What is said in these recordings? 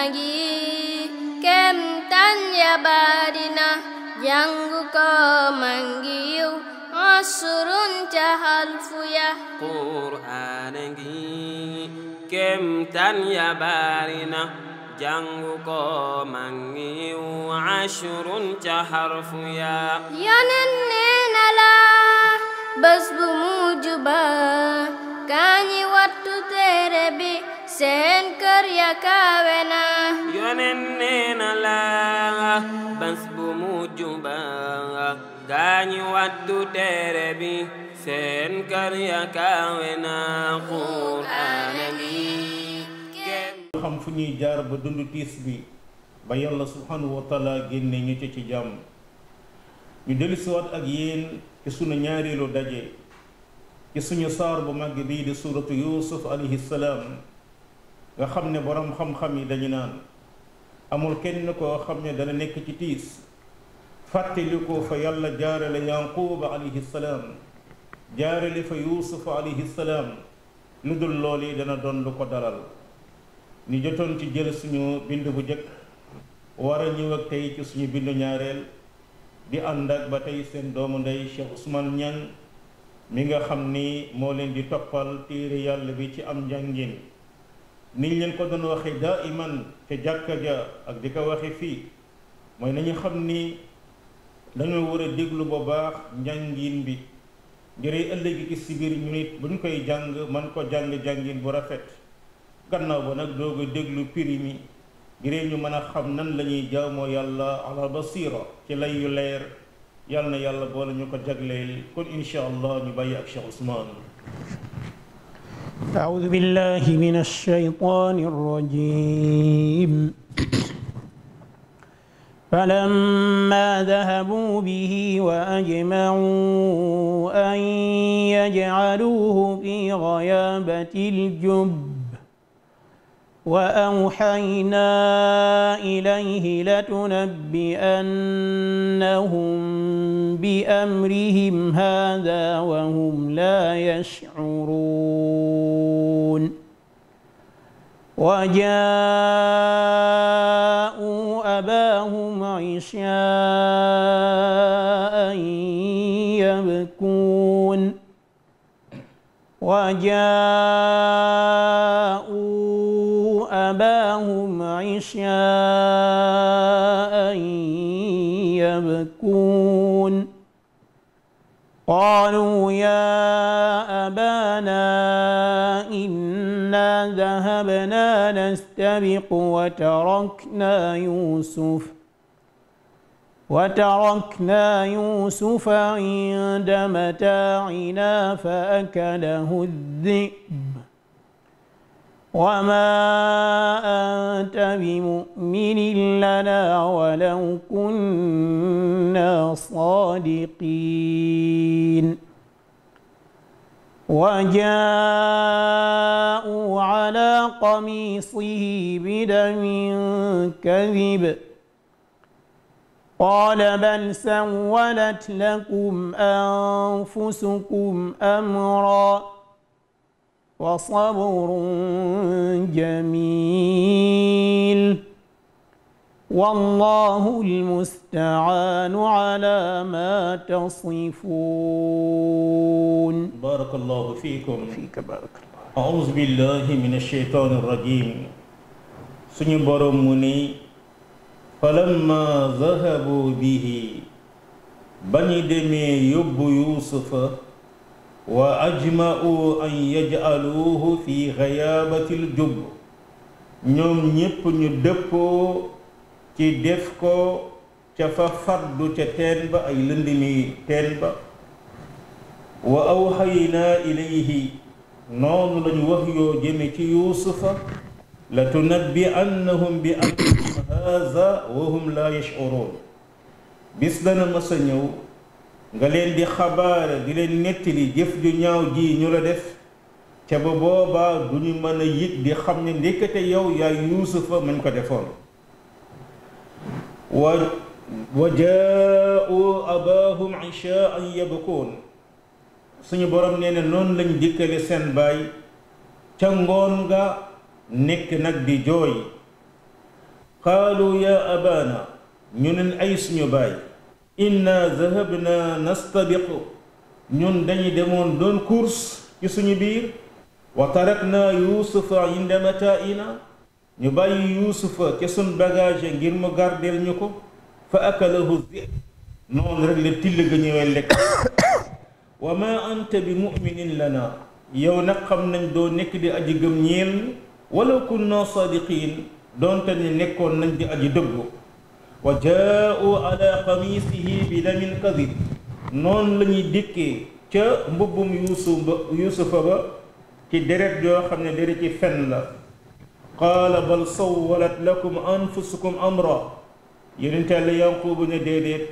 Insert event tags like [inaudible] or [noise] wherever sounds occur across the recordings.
nagi kem tan ya badina jangu ko manggiu asurun cahal fuya Qur'an ngi kem tan ya badina jangu ko manggiu asurun cahar fuya ya nenne la bas bu kani waktu terebi seen kër ya kaawe na yonen nee na laa bu mujj ba gaañi waddu téere bi seen kër ya kaawe na Qur'aana gi xam fu ñuy jaar ba dund tiis bi ba yàlla subhanahu wa génne ñu ci ci jàmm ñu dellusiwaat ak yéen ci sunu ñaareelu daje suñu saar bu màgg bii di suuratu yuusuf alayhi nga xam ne boroom xam-xam yi dañu naan amul kenn koo xam ne dana nekk ci tiis fàttaliku fa yàlla jaarale yanquuba alayhi salaam jaarale fa yuusuf alayhi salaam lu dul lool yi dana doon lu ko dalal ñu jotoon ci jël suñu bind bu jëkk war a ñëw ak tey ci suñu bindu ñaareel di ànd ak ba tey seen doomu ndey Cheikh Ousmane Niang mi nga xam ni moo leen di toppal téere yàlla bi ci am njàngin niñ leen ko doon waxe daa iman ca jàkka ja ak di ko waxe fii mooy nañu xam ni dañoo war a déglu bu baax njàngin bi njëre ëllëgi gis si biir ñu nit bu ñu koy jàng man ko jàng-jàngin bu rafet gannaaw ba nag doog a déglu piri mi ngiree ñu mën a xam nan lañuy ñuy jaamoo yàlla ala basira ci lay yu leer yàlla na yàlla boole ñu ko jagleel kon incha allah ñu bàyyi ak Cheikh Ousmane أعوذ بالله من الشيطان الرجيم فلما ذهبوا به وأجمعوا أن يجعلوه في غيابة الجب وأوحينا إليه لتنبئنهم بأمرهم هذا وهم لا يشعرون وجاءوا أباهم عشاء يبكون وجاءوا لهم عشاء يبكون قالوا يا أبانا إنا ذهبنا نستبق وتركنا يوسف وتركنا يوسف عند متاعنا فأكله الذئب وما أنت بمؤمن لنا ولو كنا صادقين وجاءوا على قميصه بدم كذب قال بل سولت لكم أنفسكم أمرًا وصبر جميل والله المستعان على ما تصفون بارك الله فيكم فيك بارك الله أعوذ بالله من الشيطان الرجيم سنبر مني فلما ذهبوا به بني دمي يب يوسف واجمعوا ان يجعلوه في غيابه الجب نيوم نيب ني ديبو تي ديفكو تفا فردو تي تنبا اي لندمي تنبا واوحينا اليه نون لا وحيو جيمي تي يوسف لتنبئنهم بامرهم هذا وهم لا يشعرون بسدنا مسا nga leen di xabaare di leen nettali jëf ju ñaaw ji ñu la def te ba boobaa du ñu mën a yëg di xam ne ndékkate yow yaay yuusufa mañ ko defoon wa wa jaau abaahum ishaan yabkuun suñu boroom nee na noonu lañ dikkale seen baay ca ngoon ga nekk nag di jooy qaalu ya abaana ñu neen ay suñu baay إنا ذهبنا نستبق نون داني ديمون دون كورس كي سوني بير وتركنا يوسف عند متائنا نباي يوسف كي سون باجاج غير مو غارديل نيوكو فاكله الذئب نون رك لي تيل غني لك وما انت بمؤمن لنا يو نقم نان دو نيك دي ادي غم نيل ولو كنا صادقين دون تاني نيكون نان دي ادي دغو وجاءوا على قميصه بدم كذب نون لني ديكي تا مبوم يوسف يوسف با تي ديرت جو خامني ديري فن لا قال بل سولت لكم انفسكم امرا يرنت الله يعقوب ني ديدت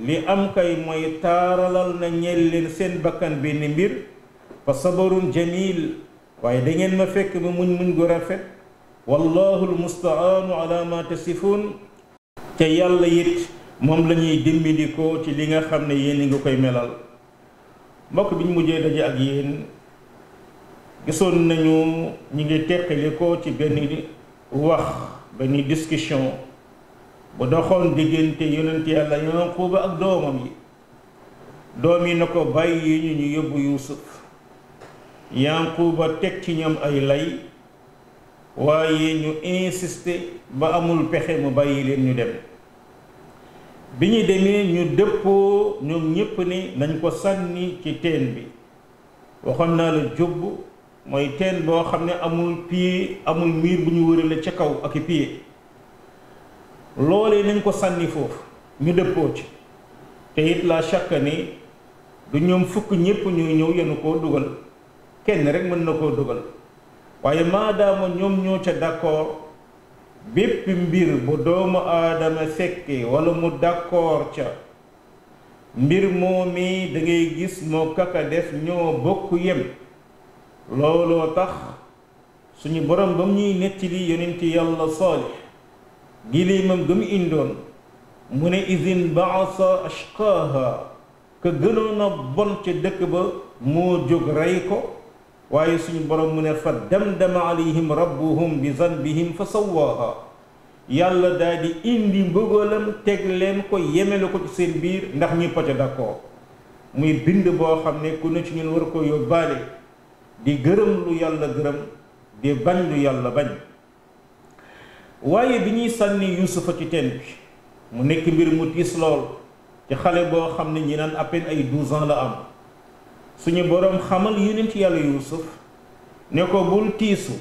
لي ام كاي موي تارالال نا نيلين سين بكان بي نمير فصبر جميل واي دي نين ما فك مون مون غو رافيت والله المستعان على ما تصفون te yàlla it moom lañuy ñuy dimbindikoo ci li nga xam ne yéen nga koy melal mbokk bi ñu mujjee daje ak yéen gisoon nañu ñu ngi teqali ko ci benn wax benn discussion bu doxoon diggante yonent yàlla Yaquuba ak doomam yi doom yi na ko bàyyi ñu ñu yóbbu Yuusuf Yaquuba teg ci ñoom ay lay waaye ñu insisté ba amul pexe mu bàyyi leen ñu dem bi ñu demee ñu dëppoo ñoom ñépp ni nañ ko sànni ci teen bi waxoon naa la jubb mooy teen boo xam ne amul pied amul miir bu ñu wërale ca kaw ak i pied loolee nañ ko sànni foofu ñu dëppoo ci te it la chaque ni du ñoom fukk ñépp ñuy ñëw yenu koo dugal kenn rek mën na koo dugal waaye maadaama ñoom ñoo ca d'accord bépp mbir bu doomu aadama fekke wala mu d'accord ca mbir moomii da ngay gis moo kaka def ñoo bokk yem looloo tax suñu borom ba mu ñuy nettali yonent yàlla saalix giléemam ga mu indoon mu ne izin baasa ashqaaha ka gënoon a bon ca dëkk ba moo jóg rey ko waye suñu borom mu ne fa damdama alayhim rabbuhum bi zanbihim fa sawaha yàlla daal indi mbogolam tek len ko yemel ko ci seen bir ndax ñi pote d'accord muy bind bo xamne ku ne ci ñun war ko yóbbaale di gërëm lu yàlla gërëm di bañ lu yàlla bañ waye bi ñuy sànni yusuf ci ten bi mu nekk mbir mu tiss lool ci xale bo xamne ñi nan à peine ay 12 ans la am suñu boroom xamal yonent yàlla yuusuf ne ko bul tiisu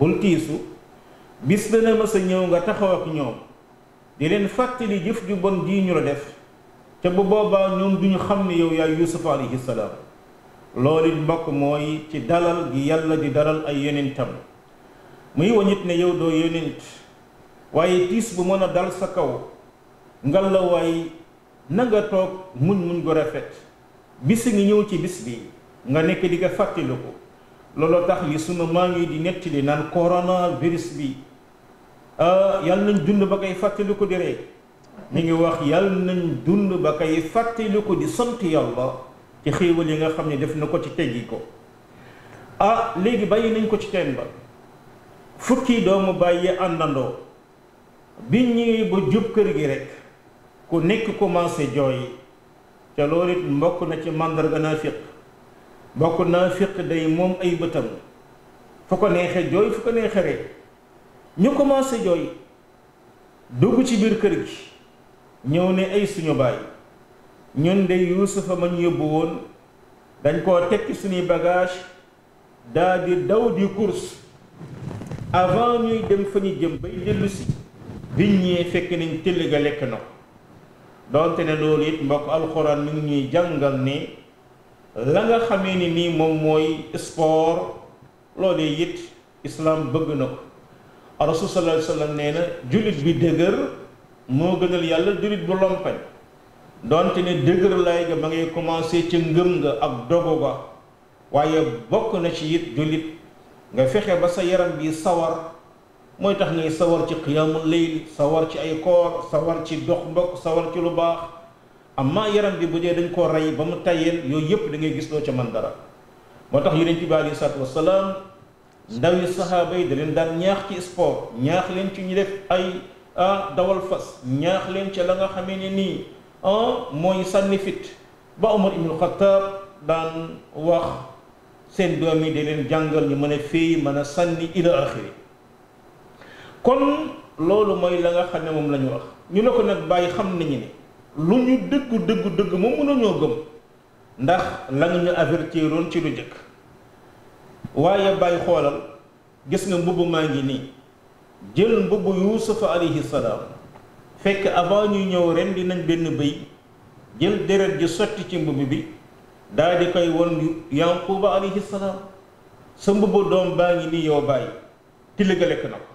bul tiisu bis dana mës a ñëw nga taxaw ak ñoom di leen fàttali jëf ju bon jii ñu la def te bu boobaa ñoom duñu xam ne yow yaay yuusuf alayhi salaam loolu mbokk mooy ci dalal gi yàlla di dalal ay yonentam muy wañit ne yow doo yonent waaye tiis bu mën a dal sa kaw ngal la waay na toog muñ muñ gu rafet bis ngi ñëw ci bis bi nga nekk di nga ko looloo tax li sunu maam di nettili naan korona biris bi yàlla nañ dund ba koy fàttaliku di ree mi ngi wax yàlla nañu dund ba koy fàttaliku di sant yàlla ci xéewal yi nga xam ne def na ko ci teggi ko ah léegi bàyyi nañ ko ci teen ba fukki doomu bàyyi àndandoo bi ñuy ba jub kër gi rekk ku nekk commencé jooy te it mbokk na ci màndarga naafiq mbokk naafiq day moom ay bëtam fu ko neexee jooy fu ko neexee rek ñu commencé jooy dugg ci biir kër gi ñëw ne ay suñu baay ñun de yuusufa ma yóbbu woon dañ koo tekki suñuy bagage daa di daw di course avant ñuy dem fa ñu jëm bay dellu si fekk nañ tëll ga lekk na donte ne loolu it mbokk alxuraan mi ngi ñuy jàngal ni la nga xamee ni nii moom mooy sport loolee it islaam bëgg na ko rasul sallallahu alayhi wasallam nee na jullit bi dëgër moo gënal yàlla jullit bu lompañ donte ne dëgër lay ga ma ngay commencé ca ngëm nga ak dogu ga waaye bokk na ci it jullit nga fexe ba sa yaram bi sawar mooy tax ngay sawar ci qiyaamul layl sawar ci ay koor sawar ci dox mbokk sawar ci lu baax amma yaram bi bu dee dañ ko rey ba mu tayeel yooyu yëpp da ngay gis loo ca man dara moo tax yonent bi aleyhi salaatu wasalaam ndaw yi saxaaba da leen daan ñaax ci sport ñaax leen ci ñu def ay ah, dawal fas ñaax leen ci la nga xame ni nii ah, mooy sànni fit ba Umar ibnul Xattaab daan wax seen doom yi da leen jàngal ñu mën a féey mën a sànni ila axiri kon loolu mooy la nga xam ne moom la ñu wax ñu ne ko nag bàyyi xam nañu ne lu ñu dëggu dëggu dëgg moom mënuñoo gëm ndax la nga ñu avertiroon ci lu jëkk waaye bàyyi xoolal gis nga mbubb maa ngi nii jël mbubb yuusufa alayhi salaam fekk avant ñuy ñëw ren di nañ benn bëy jël deret ji sotti ci mbubb bi daal di koy won yanquba alayhi salaam sa mbubb doom baa ngi nii yow bàyyi tiligale ko na ko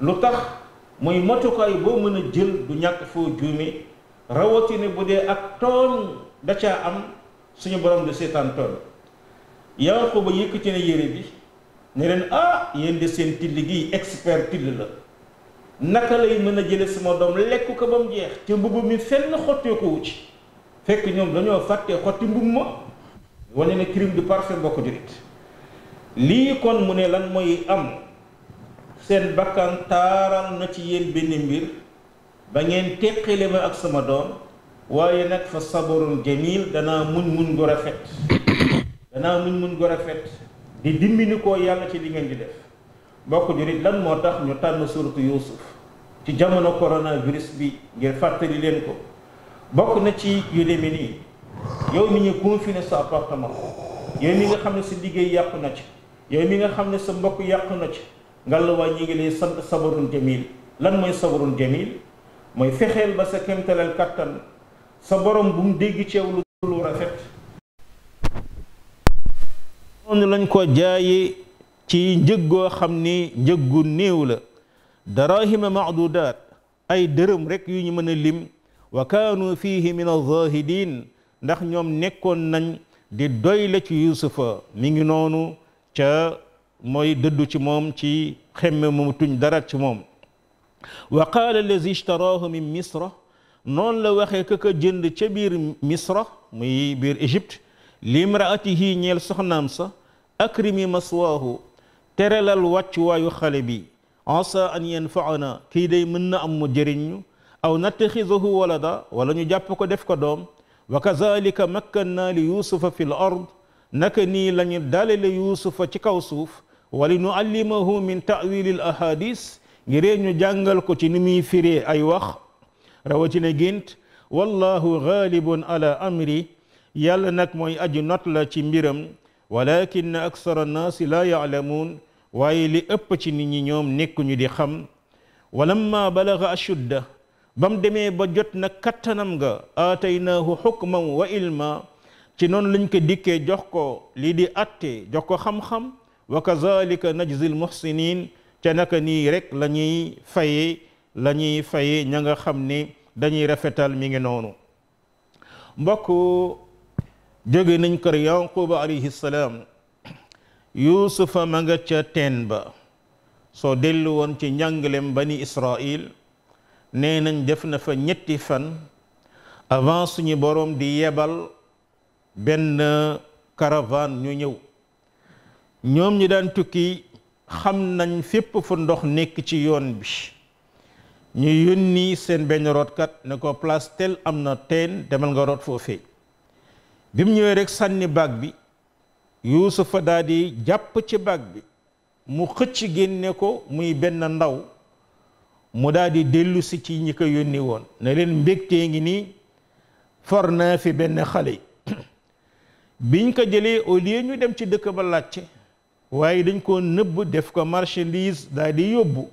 lu tax mooy matukaay boo mën a jël du ñàkk foo juume rawatine bu dee ak tooñ da ca am suñu borom de seetaan tooñ Yaquba yëkkati na yére bi ne leen ah yéen de seen till gi expert till la naka lay mën a jële sama doom lekk ko ba mu jeex te mbubb mi fenn xottee ko ci fekk ñoom dañoo fàtte xotti mbubb ma wane ne crime du parfum bokk jurit lii kon mu ne lan mooy am Sen bakkan taaral na ci yéen benn mbir ba ngeen teqale ma ak sama doom waaye nag fa sabarun jamil danaa muñ muñ gu rafet danaa muñ muñ gu rafet di dimbali koo yàlla ci li ngeen di def mbokk jurit lan moo tax ñu tànn suratu Yuusuf ci jamono coronavirus bi ngir fàttali leen ko bokk na ci yu demee nii yow mi ñu confiné sa appartement yow mi nga xam ne sa liggéey yàqu na ci yow mi nga xam ne sa mbokk yàqu na ci ngalla waay ñi ngi lay sant sabarun jamil lan mooy sabarun jamil mooy fexeel ba sa kéemtaleel kattan sa borom bu mu dégg ceew lu lu rafet noonu lañ ko jaaye ci njëg goo xam ni néew la darahima macdudaat ay dërëm rek yu ñu mën a lim wa kaanu fihi min alzahidin ndax ñoom nekkoon nañ di doy ci yusufa mi ngi noonu ca mooy dëddu ci moom ci xemme mu tuñ dara ci moom wa qaala allazi ishtaraahu min misra noonu la waxee ka ka jënd ca biir misra muy biir égypte limraatihi ñeel soxnaam sa akrimi maswaahu terelal wàccuwaayu xale bi asa an yanfaana kii day mën na am mu jëriñu aw nattaxidahu walada wala ñu jàpp ko def ko doom wa kazalika makkan naa li yusufa fi l ard naka nii la ñu dalale yusufa ci kaw suuf ولنعلمه من تأويل الأحاديث غيرين جانغل كو تنمي فيري أي وخ روتين جنت والله غالب على أمري يال نك موي أجي نطلة تنبيرم ولكن أكثر الناس لا يعلمون واي لي نيوم نيكو ندي خم ولما بلغ أشد بمدمى دمي بجوت نكتنم آتيناه حكما وإلما تنون لنك ديكي جوكو لدي أتي جوكو خم خم وكذلك نجزي المحسنين تناك ني ريك لني فاي لني فاي نيغا خامني دا ني رافيتال ميغي نونو مبوكو جوغي نين كر يعقوب عليه السلام يوسف ماغا تيا تنبا سو ديلو وون تي نيانغليم بني اسرائيل نينن ديفنا فا نيتي فان avant suñu borom di yebal ben caravane ñu ñew ñoom ñu daan tukki xam nañ fépp fu ndox nekk ci yoon bi ñu yónni seen benn rootkat ne ko place tel am na teen demal nga root foofee bi mu ñëwee rekk sànni baag bi yuusufa daal di jàpp ci baag bi mu xëcc génne ko muy benn ndaw mu daal di dellu ci ñi ko yónni woon ne leen mbégtee ngi nii for naa fi benn xale [clears throat] biñ ko jëlee au lieu ñu dem ci dëkk ba laajte waaye dañ koo nëbb def ko marchandise daal di yóbbu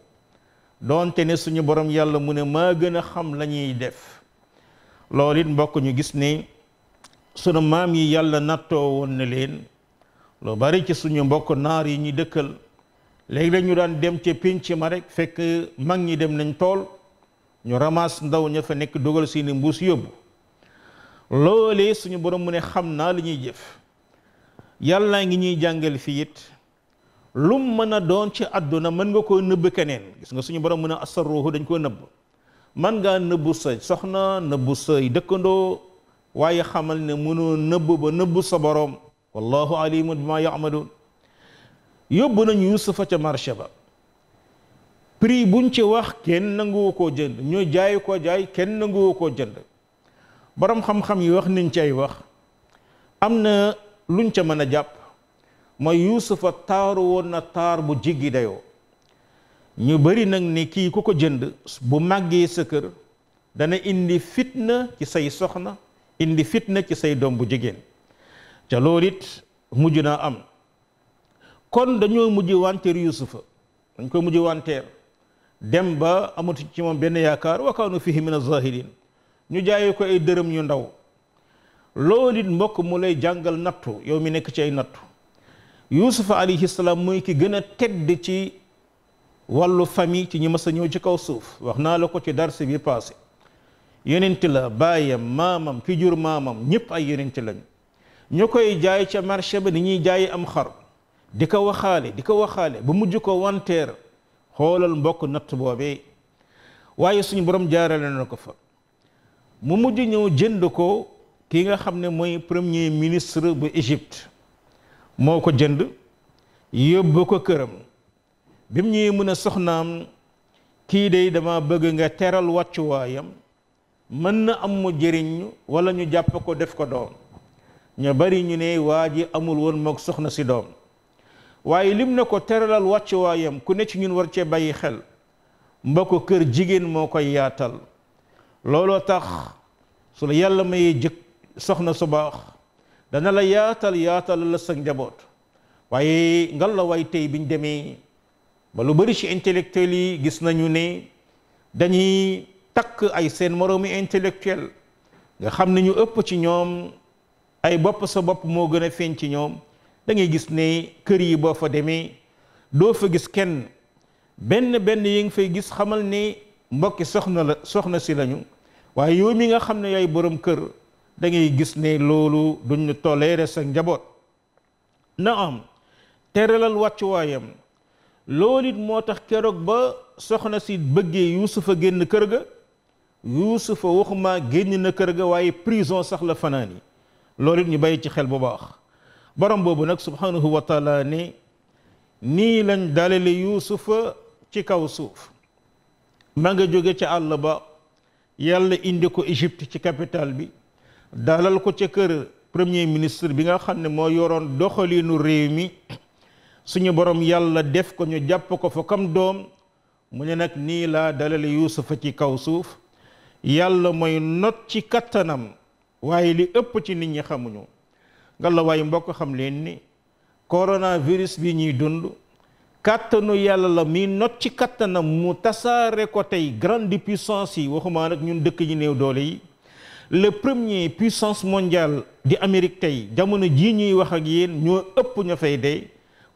doonte ne suñu borom yàlla mu ne maa gën a xam la def loolu it mbokk ñu gis ne sunu maam yi yàlla nattoo woon na leen lu bari ci suñu mbokk naar yi ñuy dëkkal léegi la ñu daan dem ca pénc ma rek fekk mag ñi dem nañ tool ñu ramas ndaw ña fa nekk dugal seeni mbuus yóbbu loolee suñu borom mu ne xam naa lañuy ñuy jëf yàlla ngi ñuy jàngal fii it lum mën a doon ci àdduna mën nga koo nëbb keneen gis nga suñu borom mën a asarruhu dañ koo nëbb man ngaa nëbbu sa soxna nëbbu say dëkkandoo waaye xamal ne mënoo nëbb ba nëbb sa borom wallahu alimun bi maa yaamaluun yóbbu nañu yusufa ca marché ba prix buñ ci wax kenn nanguwu koo jënd ñu jaay koo jaay kenn nanguwu koo jënd boroom xam-xam yi wax niñ ci ay wax am na luñ ca mën a jàpp mooy yuusufa taaru woon na taar bu jiggi dayoo ñu bari nag ni kii ku ko jënd bu màggee sa kër dana indi fitna ci say soxna indi fitna ci say doom bu jigéen ca loolu it mujj naa am kon dañoo mujj wanteer yuusufa dañ ko mujj wanteer dem ba amatu ci moom benn yaakaar wa kaanu fihi min az-zahirin ñu jaayee ko ay dërëm ñu ndaw loolit mbokk mu lay jàngal nattu yow mi nekk ci ay nattu yuusufa alayhi salaam mooy ki gën a tedd ci wàllu famille ci ñi masa ñëw ci kaw suuf wax naa la ko ci darsi bi passé yonent la baayam maamam ki jur maamam ñëpp ay yonent lañu ñu koy jaay ca marché ba ni ñuy jaayi am xar di ko waxaale di ko waxaale ba mujj ko wanteer xoolal mbokk natt boobee waaye suñu borom jaarale na ko fa mu mujj ñëw jënd ko ki nga xam ne mooy premier ministre bu Égypte moo ko jënd yóbbu ko këram bi mu ñëwee mën a soxnaam kii dey dama bëgg nga teral wàccuwaayam mën na am mu walla ñu jàpp ko def ko doom ñu bari ñu ne waa ji amul woon moog soxna si doom waaye lim ne ko teralal wàccuwaayam ku ne ci ñun war cee bàyyi xel mbokk kër jigéen moo koy yaatal looloo tax su yàlla mayee jëkk soxna su baax dana la yaatal yaatal la sa njaboot waaye ngal la waay tey biñ demee ba lu bëri ci intellectuel yi gis nañu ne dañuy takk ay seen moroomi intellectuel nga xam ne ñu ëpp ci ñoom ay bopp sa bopp moo gën a feeñ ci ñoom da ngay gis ne kër yi boo fa demee doo fa gis kenn benn benn yi nga fay gis xamal ne mbokki soxna la si lañu waaye yow mi nga xam ne yaay boroom kër da ngay gis ne loolu duñ toléré sa njaboot na am teralal wàccuwaayam loolu it moo tax keroog ba soxna si bëggee yuusufa génn kër ga yuusufa waxuma génn na kër ga waaye prison sax la fanaan yi loolu ñu bàyyi ci xel bu baax borom boobu nag subhanahu wa taala ne nii lañ dalale yuusufa ci kaw suuf ma nga jóge ca àll ba yàlla indi ko Égypte ci capitale bi dalal ko ca kër premier ministre bi nga xam ne moo yoroon doxaliinu réew mi suñu borom yàlla def ko ñu jàpp ko fa kam doom mu ne nag nii laa dalale yuusufa ci kaw suuf yàlla mooy not ci kattanam waaye li ëpp ci nit ñi xamuñu ngalla waaye mbokk xam leen ni coronavirus bi ñuy dund kattanu yàlla la mi not ci kattanam mu tasaare ko tey grande puissance yi waxumaa nag ñun dëkk yi néew doole yi le premier puissance mondiale di Amérique tey jamono jii ñuy wax ak yéen ñoo ëpp ña fay dee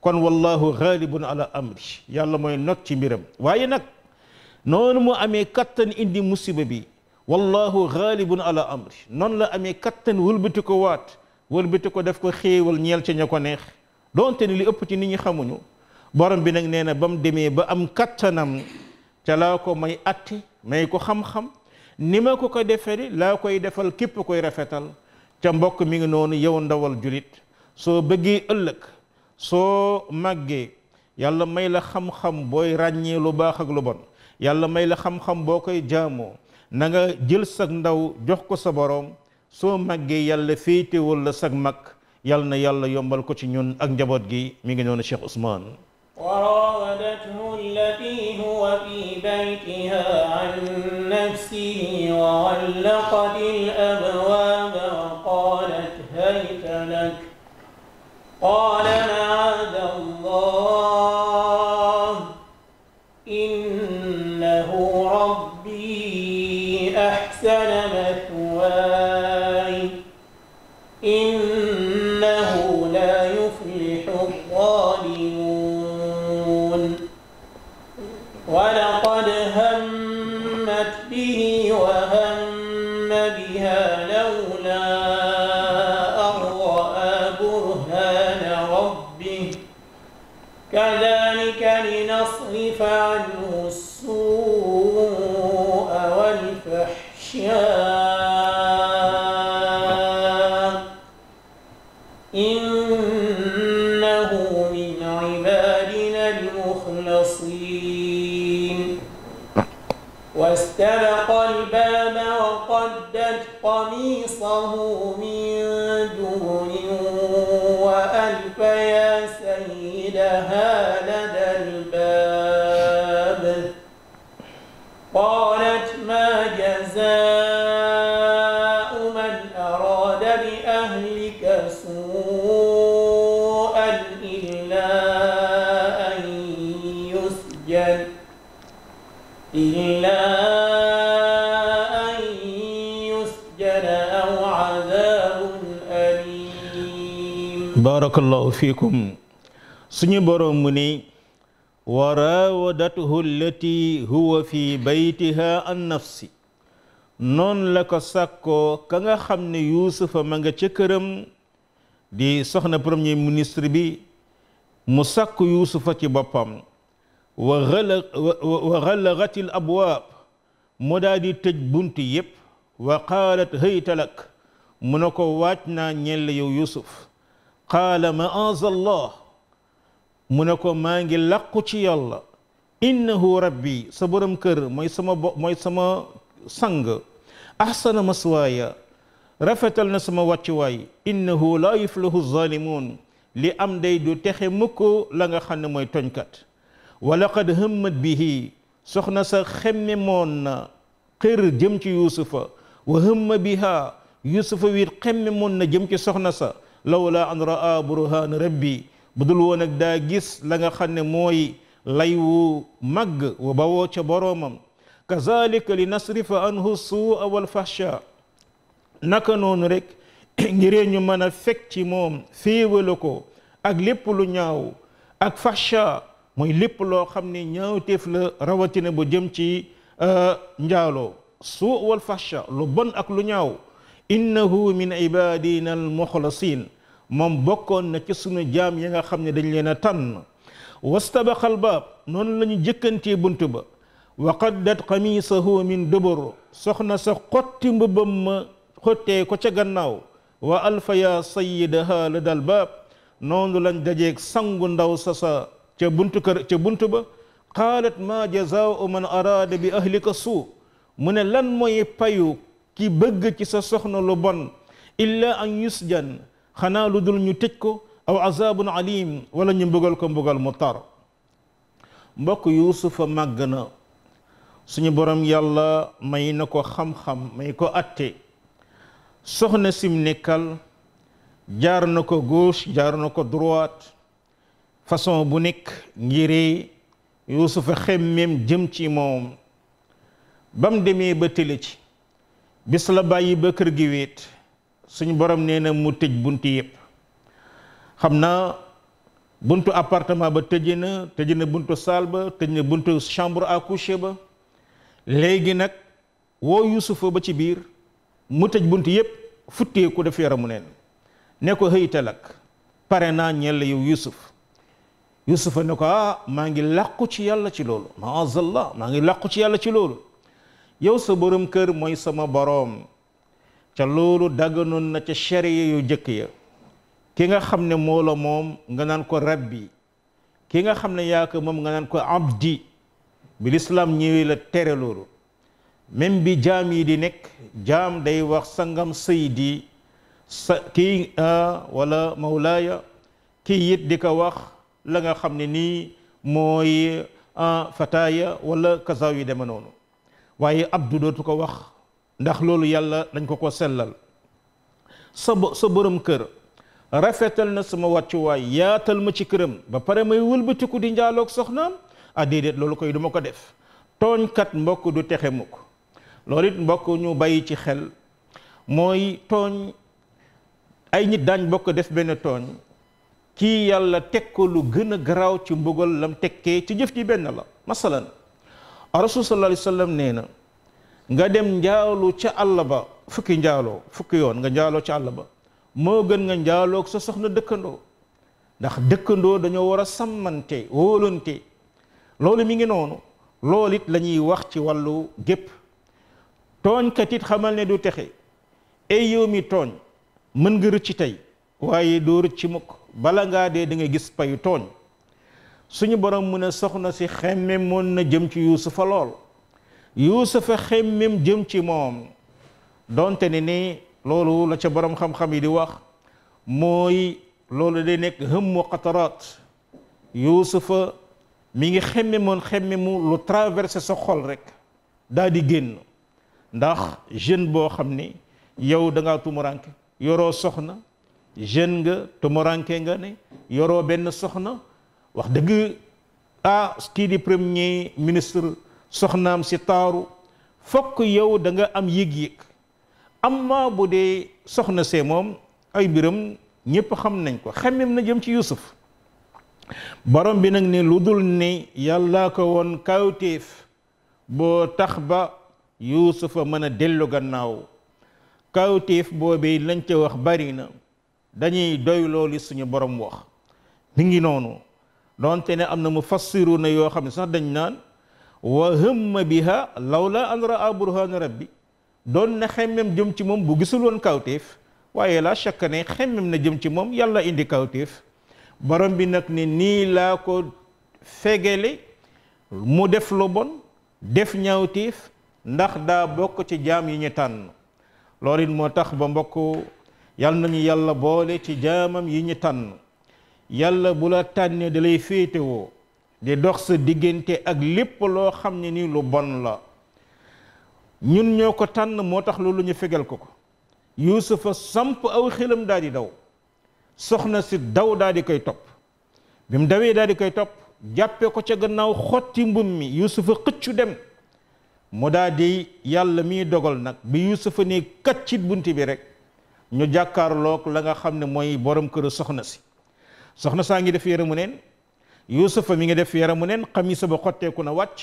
kon wallahu ghalibun ala amri yàlla mooy not ci mbiram waaye nag noonu mu amee kattan indi musiba bi wallahu ghalibun ala amri noonu la amee kattan wëlbati ko waat wëlbati ko def ko xéewal ñeel ca ña ko neex donte ni li ëpp ci nit ñi xamuñu borom bi nag nee na ba mu demee ba am kattanam ca laa ko may atti may ko xam-xam ni ma ko ko defee laa koy defal képp koy rafetal ca mbokk mi ngi noonu yow ndawal julit soo bëggee ëllëg soo màggee yàlla may la xam-xam booy ràññee lu baax ak lu yàlla may la xam boo koy jaamoo na nga jël sag ndaw jox ko sa borom soo màggee yàlla féetewul la sag mag yàlla na yàlla yombal ko ci ñun ak njaboot gi mi ngi noonu Cheikh Ousmane وراودته التي هو في بيتها عن نفسه وغلقت الأبواب وقالت هيت لك قال معاذ الله ذلك لنصرف عنه السوء والفحشاء إنه من عبادنا المخلصين واستبق الباب وقدت قميصه من barakallahu fiikum suñu boroom mu ni wa raawadathu allati huwa fi baytiha an nafsi noonu la ko sàkkoo ka nga xam ne yuusufa ma nga ca këram di soxna premier ministre bi mu sàkk yuusufa ci boppam wa xalaqati l abwaab mu daal di tëj bunt yépp wa qaalat haytalak mu ne ko waaj naa ñel yow yuusuf qaala maaza allah mu ne ko maa ngi làqu ci yàlla innahu rabbi sa borom kër mooy sama bo mooy sama sang ahsana maswaaya rafetal na sama wàccuwaay innahu laa yuflihu zalimun li am day du texe mukk la nga xam ne mooy toñkat wa laqad hammat bihi soxna sa xemme moon na xër jëm ci yuusufa wa hamma biha yuusufa wiit xemme moon na jëm ci soxna sa lawla an raa burhaan rabbi bu dul woon ak daa gis la nga xam ne mooy lay wu màgg wa bawoo ca boroomam kazalika li nasrifa anhu suua walfahsha naka noonu rek ngiree ñu mën a fekk ci moom féewale ko ak lépp lu ñaaw ak fahsha mooy lépp loo xam ne ñaawteef la rawatina bu jëm ci njaaloo suu wal fahsha lu bon ak lu ñaaw innahu min ibadina almuxlasin mom bokkon na ci sunu jam yi nga xamne dañ leena tan tànn wastabaxal non lañu jëkënte buntu ba wa qaddat qamiisahu min dubur soxna sa xotti mbubam ma xottee ko ca gannaaw wa alfa ya sayyidaha ladal bab non noonu lañ dajeeg sangu ndaw sa sa ca buntu kër ca buntu ba qalat ma jazaau man arada bi ahlika suu mu lan moy payu ki bëgg ci sa soxna lu bon illa an yusjan xanaa lu dul ñu tëj ko aw azabun alim wala ñu mbugal ko mbugal mu tar mbokk yuusufa màgg suñu borom yàlla may na ko xam-xam may ko atte soxna sim nekkal jaar na ko gauche jaar na ko droite façon bu nekk ngiree yuusufa xemmem jëm ci moom bam demee ba tële ci suñ borom nee na mu tëj bunt yëpp xam naa buntu appartement ba tëj na tëj na buntu salle ba tëj na buntu chambre à coucher ba léegi nag woo Yuusufa ba ci biir mu tëj bunt yëpp futteeku def mu neen ne ko hëytalak pare naa ñel yow Yuusuf Yuusufa ne ko ah maa ngi làqu ci yàlla ci loolu maazallah maa ngi làqu ci yàlla ci loolu yow sa borom kër mooy sama boroom ca loolu dagganoon na ca sharia yu jëkk ya ki nga xam ne moo moom nga naan ko rabbi ki nga xam ne yaa ko moom nga naan ko abdi bi lislaam ñëwee la tere loolu même bi jaam yi di nekk jaam day wax sangam saydi sa kii walla mawlaaya kii it di ko wax la nga xam ne nii mooy fataaya wala kasaw yi deme noonu waaye abdu dootu ko wax ndax loolu yàlla dañ ko ko sellal sa sa borom kër rafetal na sama wàccuwaay yaatal ma ci këram ba pare may wëlbatiku di njaaloog soxnaam a ah, déedéet loolu koy du ko def tooñkat mbokk du texe mukk loolu it mbokk ñu bàyyi ci xel mooy tooñ ay nit daañ bokk def benn tooñ kii yàlla teg ko lu gën a garaaw ci mbugal lam tekkee ci jëf ji benn la masalan rasul sallallahu alayhi wa nee na nga dem njaalu ca àll ba fukki njaaloo fukki yoon nga njaaloo ca àll ba moo gën nga njaaloog sa soxna dëkkandoo ndax dëkkandoo dañoo war a sàmmante wóolante loolu mi ngi noonu loolu it la ñuy wax ci wàllu gépp tooñkat it xamal ne du texe ay yow mi tooñ mën nga rëcc tey waaye doo rëcc mukk bala ngaa dee da nga gis payu tooñ suñu borom mu ne soxna si xemme moon na jëm ci yuusufa lool yuusufa xemmem jëm ci moom donte ne ni loolu la ca boroom xam-xam yi di wax mooy loolu day nekk hëmmu xataraat yuusufa mi ngi xemmemoon xemmemu lu traversé sa xol rek daa di génn ndax jeune boo xam ni yow da ngaa tumuranke yoroo soxna jeune nga tumuranke nga ne yoroo benn soxna wax dëgg ah kii di premier ministre soxnaam si taaru fokk yow danga nga am yëg-yëg amma bu dee soxna see moom ay biram ñépp xam nañ ko xamem na jëm ci Yuusuf borom bi nag ne lu dul ne yàllaa ko woon kawtéef boo tax ba Yuusufa mën a dellu gannaaw kawtéef boobee lañ ca wax bari na dañuy doy suñu borom wax mi ngi noonu donte ne am na mufassiruna yoo xam ne sax dañ naan wa hëmma biha lawla an raa burhaana rabbi doon na xemmem jëm ci moom bu gisul woon kawteef waaye laa shakk ne xemmem na jëm ci moom yàlla indi kawteef borom bi nag ne nii laa ko fegele mu def lu bon def ñaawteef ndax daa bokk ci jaam yi ñu tànn loolu it moo tax ba mbokk yal nañu yàlla boole ci jaamam yi ñu tànn yàlla bu la tànnee da lay féetewoo di dox sa diggante ak lépp loo xam ne nii lu bon la ñun ñoo ko tànn moo tax loolu ñu fegal ko ko yuusufa samp aw xelam daal di daw soxna si daw daal di koy topp bi mu dawee daal di koy topp jàppe ko ca gannaaw xotti mbum mi yuusufa xëccu dem mu daal di yàlla miy dogal nag bi yuusufa ne kat ci bunt bi rek ñu jàkkaarloog la nga xam ne mooy boroom kër soxna si soxna saa ngi def yére neen yuusufa mi ngi def yaramu neen xamisa ba xotteeku na wàcc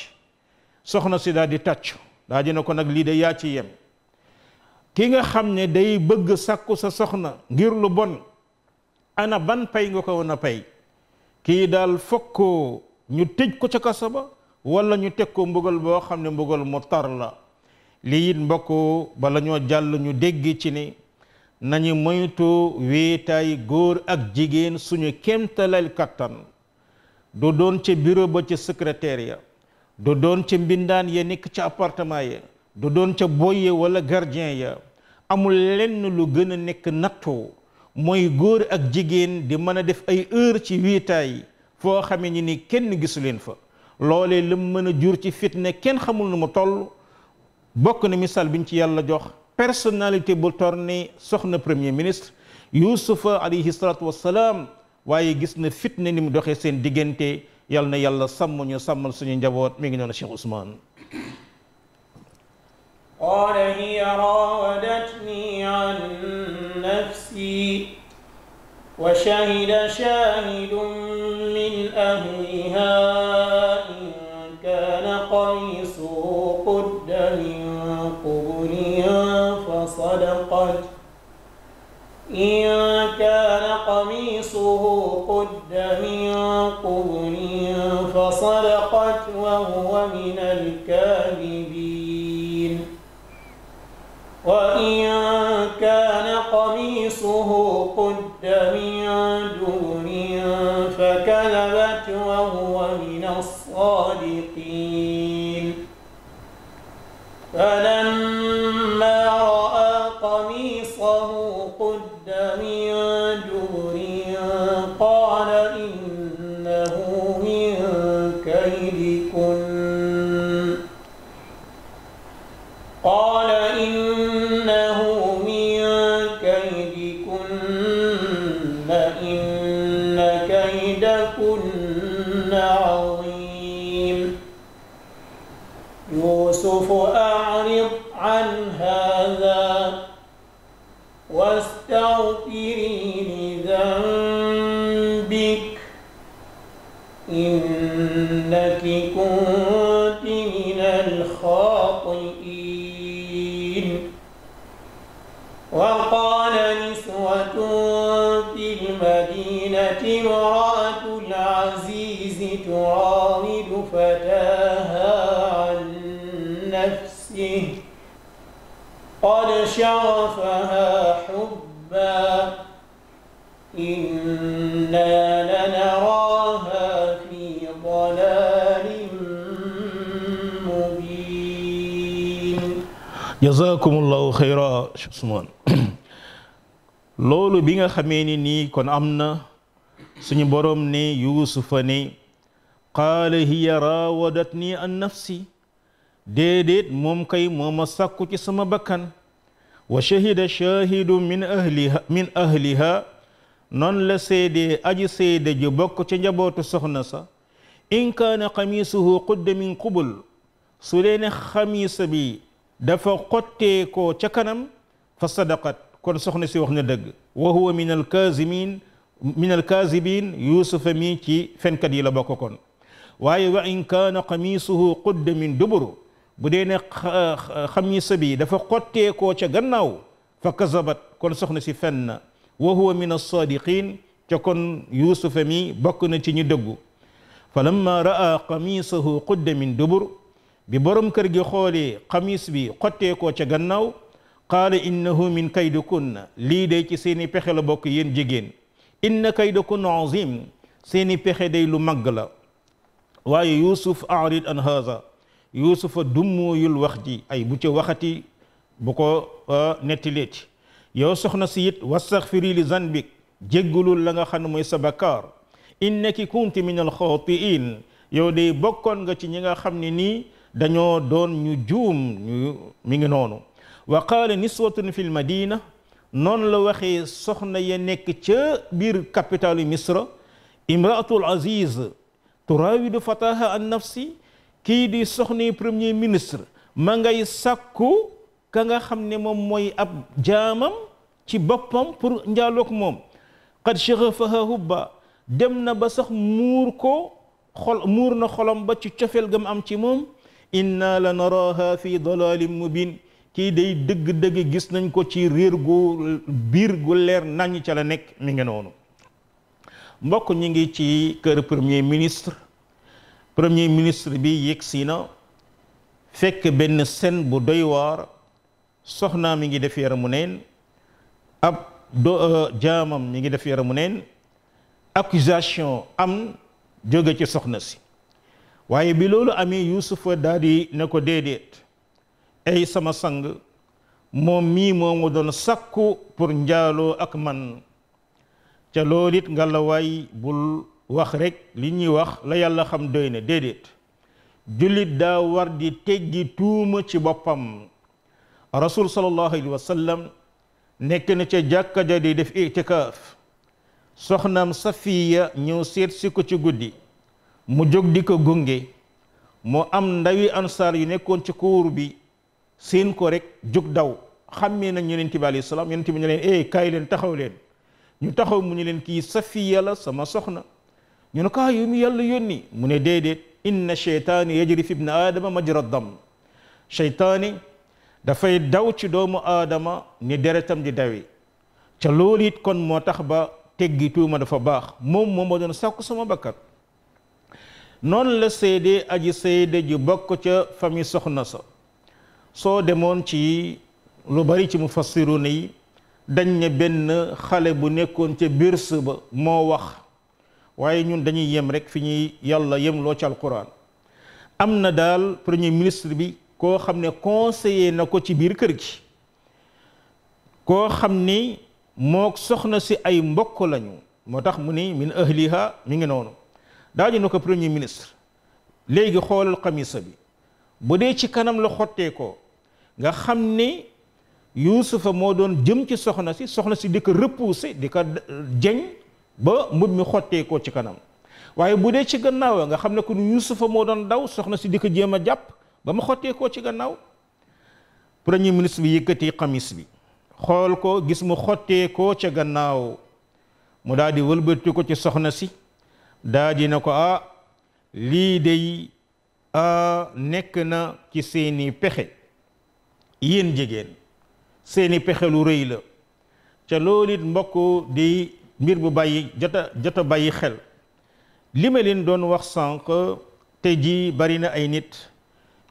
soxna si daal di tàccu daa na ko nag lii de yaa ci yem ki nga xam ne day bëgg sàkku sa soxna ngir lu bon ana ban pay nga ko woon a pay kii daal fokk ñu tëj ko ca kaso ba wala ñu teg ko mbugal boo xam ne mbugal mu tar la lii it mbokk bala ñoo jàll ñu dégg ci ne nañu moytu wéetaay góor ak jigéen suñu kéemtalal kattan du doon ca bureau ba ca secrétaire ya du doon ca mbindaan ya nekk ca appartement ya du doon ca boy ya wala gardien ya amul lenn lu gën a nekk nattoo mooy góor ak jigéen di mën a def ay heure ci wiitaay foo xamee ñi ni kenn gisu leen fa loolee lam mën a jur ci fitna kenn xamul nu ma toll bokk na misaal biñ ci yàlla jox personnalité bu torni soxna premier ministre Yuusufa alayhi salaatu wassalaam waaye gis na fitna ni mu doxee seen diggante yal na yàlla sàmm ñu sàmmal suñu njaboot mi ngi noonu Cheikh Ousmane قال هي راودتني عن نفسي وشهد شاهد من أهلها إن كان قيس قد من قبلها فصدقت إن كان قميصه قد من قبل فصدقت وهو من الكاذبين وإن كان قميصه قد من دون فكذبت وهو من الصادقين فلما تراود فتاها عن نفسه قد شغفها حبا إنا لنراها في ضلال مبين جزاكم الله خيرا شكرا لولو بيغا خميني ني كون امنا kon am na suñu borom قال هي راودتني عن نفسي ديديت موم كاي موما ساكو سي سما بكان وشهد شاهد من اهلها من اهلها نون لا سيدي اجي سيدي جو بوكو سي نجابوتو سخنا سا ان كان قميصه قد من قبل سولين خميس بي دافا قوتي كو تي كانام فصدقت كون سخنا سي وخنا دغ وهو من الكاذبين من الكاذبين يوسف ميكي فين كدي لا بوكو كون waaye wa in kaana xamiisuhu qudda min dubur bu dee ne xamiisa bi dafa xotteekoo ca gannaaw fa kazabat kon soxna si fenn wa huwa min alsaadiqin ca kon yuusufa mi bokk na ci ñu dëggu fa lamma raa xamiisahu qudda min dubur bi borom kër gi xoolee xamiis bi xotteekoo ca gannaaw qaala innahu min kaydikunna lii day ci seeni pexe la bokk yéen jigéen inna kaydakunna azim seeni pexe day lu màgg la waaye yusuf arid an haza yusuf dumu wax ji ay bu ca waxati bu ko ci yow soxna si it wastaxfiri li zanbik jéggulul la nga xam ne mooy sa bakkaar innaki kunti min al xaatiin yow de bokkoon nga ci ñi nga xam ne nii dañoo doon ñu juum ñu mi ngi noonu wa qaala niswatun fi madina noonu la waxee soxna ya nekk ca biir capitalu misra imraatul aziz turawidu fataha an nafsi kii di soxni premier ministre ma ngay sàkku ka nga xam ne ab jamam ci pur pour njaaloog moom qad shaghafaha hubba dem na ba sax muur ko xol muur na xolam ba ci gam am ci inna la naraha fi dalalim mubin ki day dëgg-dëgg gis nañ ko ci réer gu biir gu leer nañ ca la mi mbokk ñi ngi ci kër premier ministre premier ministre bi yëg si na fekk benn scène bu doy waar soxnaam mi ngi def yaramu neen ab do euh, jaamam mi ngi def yaramu neen accusation am jóge ci soxna si waaye bi loolu amee Yuusufa daal di ne ko déedéet ay sama sang moom mii moo ma doon sakku pour njaaloo ak man ca loolu it nga la waay bul wax rek li ñuy wax la yàlla xam doy na déedéet jullit daa war di teggi tuuma ci boppam rasul sallallahu alayhi wa sallam nekk na ca jàkka ja di def itikaaf soxnaam safiya ñëw seetsi ko ci guddi mu jóg di ko gunge moo am ndawi ansaar yu nekkoon ci kuur bi seen ko rek jóg daw xàmmee nañ yonent bi alayhi salaam yonent bi ñu leen eh kaay leen taxaw leen ñu taxaw mu ne leen kii safiya la sama soxna ñu ne ko ah yow yàlla yónni mu ne déedéet inna cheytaani yajri fi ibni ma majra dam cheytaani dafay daw ci doomu aadama ni deretam di dawi ca loolu it kon moo tax ba teggi tuuma dafa baax moom moom ma doon sàkku sama bakkat noonu la seede aji seede ji bokk ca famille soxna sa soo demoon ci lu bari ci mu mufassiruna yi dañ ne benn xale bu nekkoon ca birs ba moo wax waaye ñun dañuy yem rek fi ñuy yàlla yem loo ci alquran am na daal premier ministre bi koo xam ne conseiller na ko ci biir kër gi koo xam ni moo soxna si ay mbokk lañu moo tax mu ni min ahliha mi ngi noonu di na ko premier ministre léegi xoolal xamisa bi bu dee ci kanam la xottee ko nga xam ni yuusufa moo doon jëm ci soxna si soxna si di ko repousser di ko euh, jeñ ba mbub mi xottee ko ci kanam waaye bu dee ci gannaaw nga xam ne kon yuusufa moo doon daw soxna si di ko jéem a jàpp ba mu xottee ko ci gannaaw premier ministre bi yëkkati xamis bi xool ko gis mu xottee ko ca gannaaw mu daal di wëlbati ko ci soxna si daa ne ko ah lii day ah, nekk na ci seeni pexe yéen jigéen seeni pexe réy la ca loolu it mbokk di mbir bu bàyyi jota jota bàyyi xel li ma leen doon wax sànq te ji bari na ay nit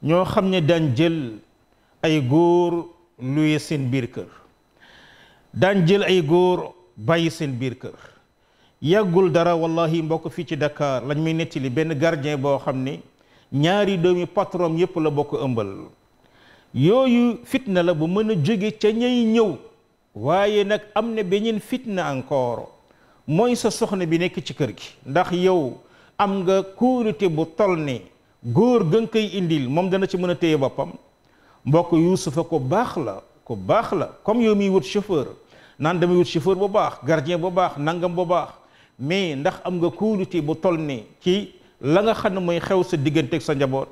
ñoo xam ne daan jël ay góor luye seen biir kër daan jël ay góor bàyyi seen biir kër yàggul dara wallahi mbokk fii ci Dakar lañ may nettali benn gardien boo xam ne ñaari doomi patron yépp la bokk ëmbal yooyu fitna la bu mën a jóge ca ñay ñëw waaye nag am na beneen fitna encore mooy sa soxna bi nekk ci kër gi ndax yow am nga kóolute bu tol ni góor gën koy indil moom dana ci mën a téye boppam mbokk Yuusufa ko baax la ko baax la comme yow mii wut chauffeur naan damay wut chauffeur bu baax gardien bu baax nangam bu baax mais ndax am nga kóolute bu tol ne ci la nga xam ne mooy xew sa diggante ak sa njaboot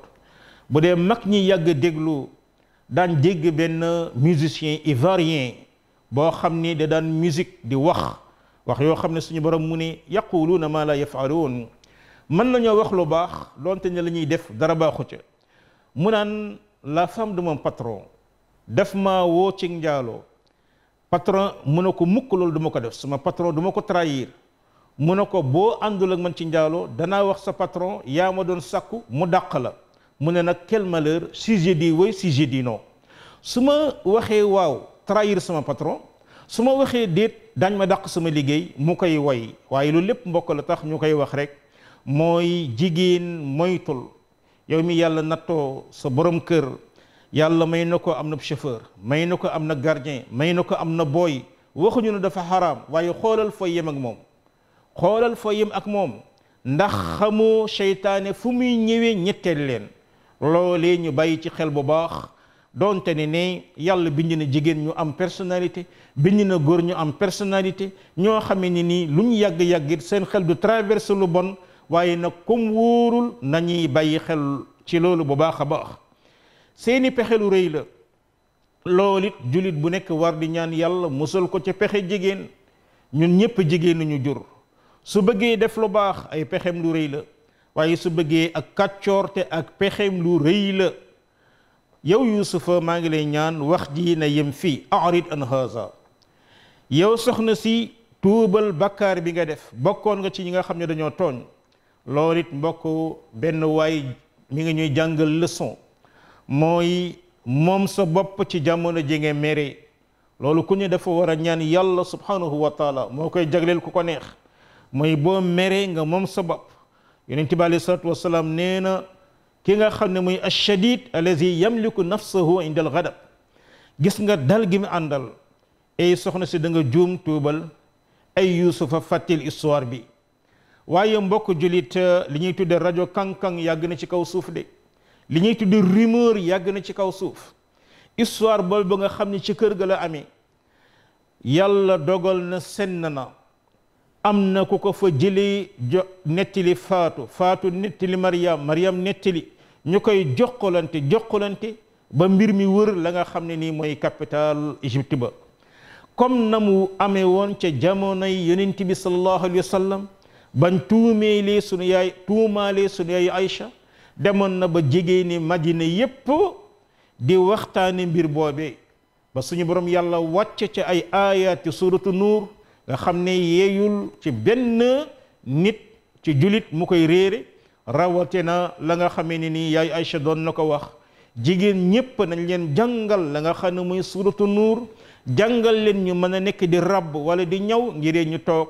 bu dee mag ñi yàgg déglu daan dégg benn musicien ivoirien boo xam ni da daan musique di wax wax yoo xam ne suñu borom mu ne na maa laa yafaluun mën nañoo wax lu baax doonte ne la ñuy def dara baaxu ca mu naan la femme de mon patron def ma woo ci njaaloo patron mu ne ko mukk loolu du ko def sama patron duma ko trahir mu ne ko boo àndul ak man ci njaaloo danaa wax sa patron yaa ma doon sàkku mu dàq la mu ne nag quel malheur si je dis oui si je su ma waxee waaw trahir sama patron su ma waxee déet dañ ma dàq sama liggéey mu koy woy waaye loolu lépp mbokk la tax ñu koy wax rek mooy jigéen moytul yow mi yàlla nattoo sa borom kër yàlla may na ko am na chauffeur may na ko am na gardien may na ko am na booy waxuñu ne dafa xaraam waaye xoolal foo yem ak moom xoolal foo yem ak moom ndax xamoo seytaane fu muy ñëwee ñetteel leen loolee ñu bàyyi ci xel bu baax donte ni ne yàlla bind na jigéen ñu am personnalité bind na góor ñu am personnalité ñoo xame ne nii lu yàgg-yàggit seen xel du traverse lu bon waaye nag comme wóorul nañuy bàyyi xel ci loolu bu baax a baax seeni pexe lu rëy la loolit it jullit bu nekk war di ñaan yàlla musal ko ci pexe jigéen ñun ñépp jigéen ñu jur su bëggee def lu baax ay pexem lu rëy la waaye su bëggee ak kàccoor te ak pexeem lu rëy la yow yuusufa maa ngi lay ñaan wax ji na yem fii arid an haza yow soxna si tuubal bakkaar bi nga def bokkoon nga ci ñi nga xam ne dañoo tooñ loolu mbokk benn waay mi ngi ñuy jàngal leçon mooy moom sa bopp ci jamono ji nga mere loolu ku ñu dafa war a ñaan yàlla subhanahu wa taala moo koy jagleel ku ko neex mooy boo mere nga moom sa bopp يننتبه عليه الصلاة والسلام نينا كينا خاني مي الشديد الذي يملك نفسه عند الغضب جسنا دال جيم اندال اي سخنا سي دنگا جوم توبل اي يوسف فاتيل اسوار بي واي مبوك جوليت لنيي تود راديو كان كان ياغنا سي كاو سوف دي لنيي تود ريمور ياغنا سي كاو سوف اسوار بول بوغا خاني سي كيرغا امي يالا دوغال نا am na ku ko fa jëlee jo nettali faatu faatu nettali Mariam Mariam nettali ñu koy jokkalante jokkalante ba mbir mi wër la nga xam ne nii mooy capital Égypte ba comme na mu amee woon ca jamonoy yonent bi sallallahu alayhi wa sallam bañ tuumeelee sunu demoon na ba jege ni Madina yépp di waxtaane mbir boobe ba suñu borom yàlla wacc ca ay ayat ci suuratu nuur nga xam ne yeeyul ci benn nit ci jullit mu koy réere na la nga xamee ne nii yaay Aïcha doon na ko wax jigéen ñépp nañ leen jàngal la nga xam ne muy suuratu nuur jàngal leen ñu mën a nekk di ràbb wala di ñaw ngiree ñu toog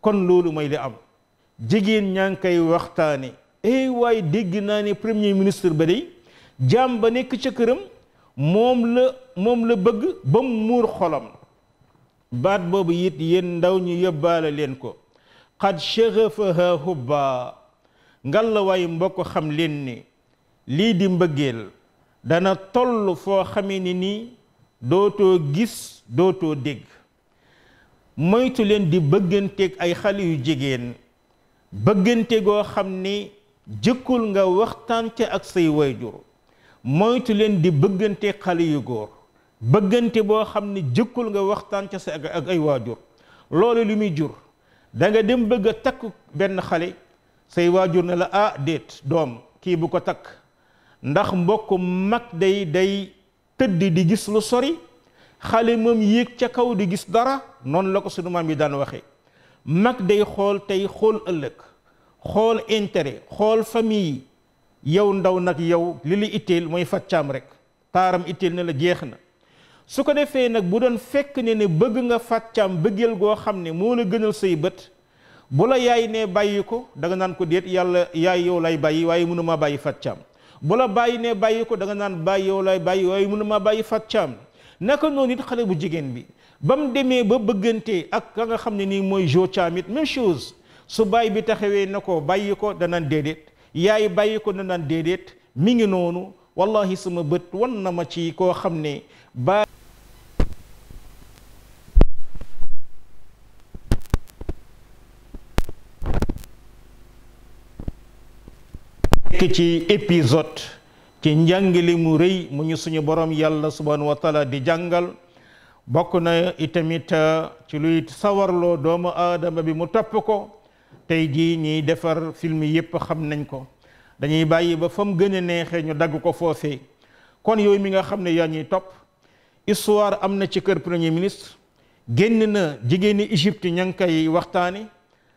kon loolu mooy di am jigéen ñaa ngi koy waxtaane ey eh waaye dégg naa ne premier ministre ba day jaam ba nekk ca këram moom la moom la bëgg ba mu muur xolam baat boobu yit yéen ndaw ñu yóbbaale leen ko xad shaghafaha hubba ngalawaay mbokk xam leen ni lii di mbëggeel dana toll foo xamee ni nii dootoo gis dootoo dégg moytu leen di bëgganteeg ay xale yu jigéen bëggante goo xam ni jëkkul nga waxtaan ca ak say wayjur moytu leen di bëgganteeg xale yu góor bëggante boo xam ne jëkkul nga waxtaan ca sa ak ay waajur loolu li muy jur da nga dem bëgg a takk benn xale say waajur ne la ah déet doom kii bu ko takk ndax mbokk mag day day tëdd di gis lu sori xale moom yéeg ca kaw di gis dara noonu la ko sunu maam yi daan waxe mag day xool tey xool ëllëg xool intérêt xool famille yow ndaw nag yow li li itteel mooy faccaam rek taaram itteel ne la jeex na su ko defee nag bu doon fekk ne ne bëgg nga fàccaam bëggeel goo xam ne moo la gënal say bët bu la yaay ne bàyyi ko danga naan ko déet yàlla yaay yow lay bàyyi waaye mënuma bàyyi fàccaam bu la bàyyi ne bàyyi ko danga naan bàyyi yow lay bàyyi waaye mënuma bàyyi fàccaam naka noonu it xale bu jigéen bi ba mu demee ba bëggante ak ka nga xam ne nii mooy jo caam it même chose su bàyyi bi taxawee na ko bàyyi ko danaan déedéet yaay bàyyi ko danaan déedéet mi ngi noonu wallahi sama bët wan na ma ci koo xam ne ba nekk ci épisode ci njàngale mu rëy mu ñu suñu borom yàlla subhanahu wa taala di jàngal bokk na itamit uh, ci luy sawarloo doomu aadama bi mu topp ko tey ji ñuy defar film yépp xam nañ ko dañuy bàyyi ba fa mu gën neexee ñu dagg ko foofee kon yooyu mi nga xam ne yaa ñuy topp histoire am na ci kër premier ministre génn na jigéeni Égypte ña ngi koy waxtaane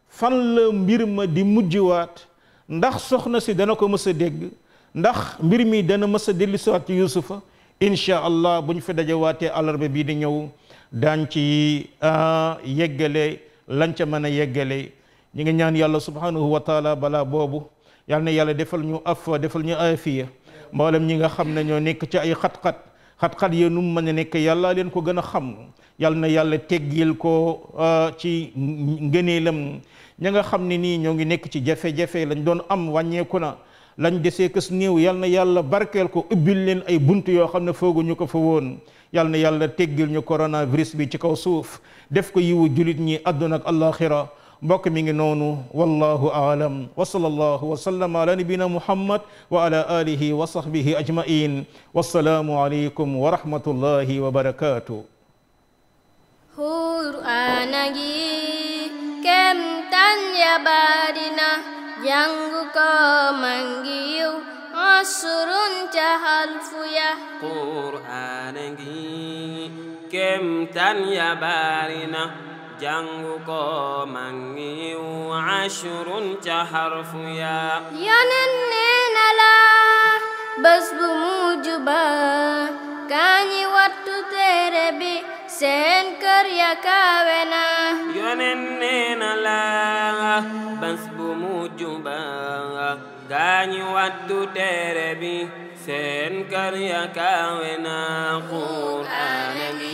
fan la mbir ma di mujjwaat ndax soxna si dana ko mës a dégg ndax mbir mi dana mës a dellu siwaat ci yuusufa incha allah bu ñu fi dajawaatee àllarba bii di ñëw daan ci ah, yeggale lañ ca mën a yeggale ñu ngi ñaan yàlla subhanahu wa taala balaa boobu yal na yàlla defal ñu afwa defal ñu aafiya mboolem ñi nga xam ne ñoo nekk ci ay xat-xat xat-xat yee nu mu mën a nekk yàlla leen ko gën a xam yàlla na yàlla teggil ko euh, ci ngëneelam ña nga xam ne nii ñoo ngi nekk ci jafe-jafe lañ doon am wàññeeku na lañ desee kës néew yàlla na yàlla barkeel ko ubbil leen ay bunt yoo xam ne fooguñu ko fa woon yàlla na yàlla teggil ñu coronavirus bi ci kaw suuf def ko yiwu julit ñi àdduna ak àllaaxira mbokk mi ngi noonu wallahu aalam wa sallallahu wa sallama ala nabina muhammad wa ala alihi wa sahbihi ajmain wassalaamu aleykum wa rahmatullahi wa barakatuh Qur'aana gi kemtaan ya barina jàng ko mangi yiw asurun ca halfu ya Qur'aana gi kemtaan ya barina جنگ کو منگی عشرون چه حرف یا یا ننه نلا بس بموجبا کانی وقت تیرے بھی seen ya kaawe la